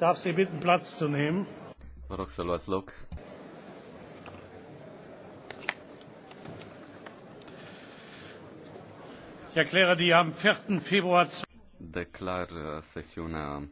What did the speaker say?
darf Sie bitten, Platz zu nehmen. Ich erkläre die am 4. Februar Declar uh, sesiunea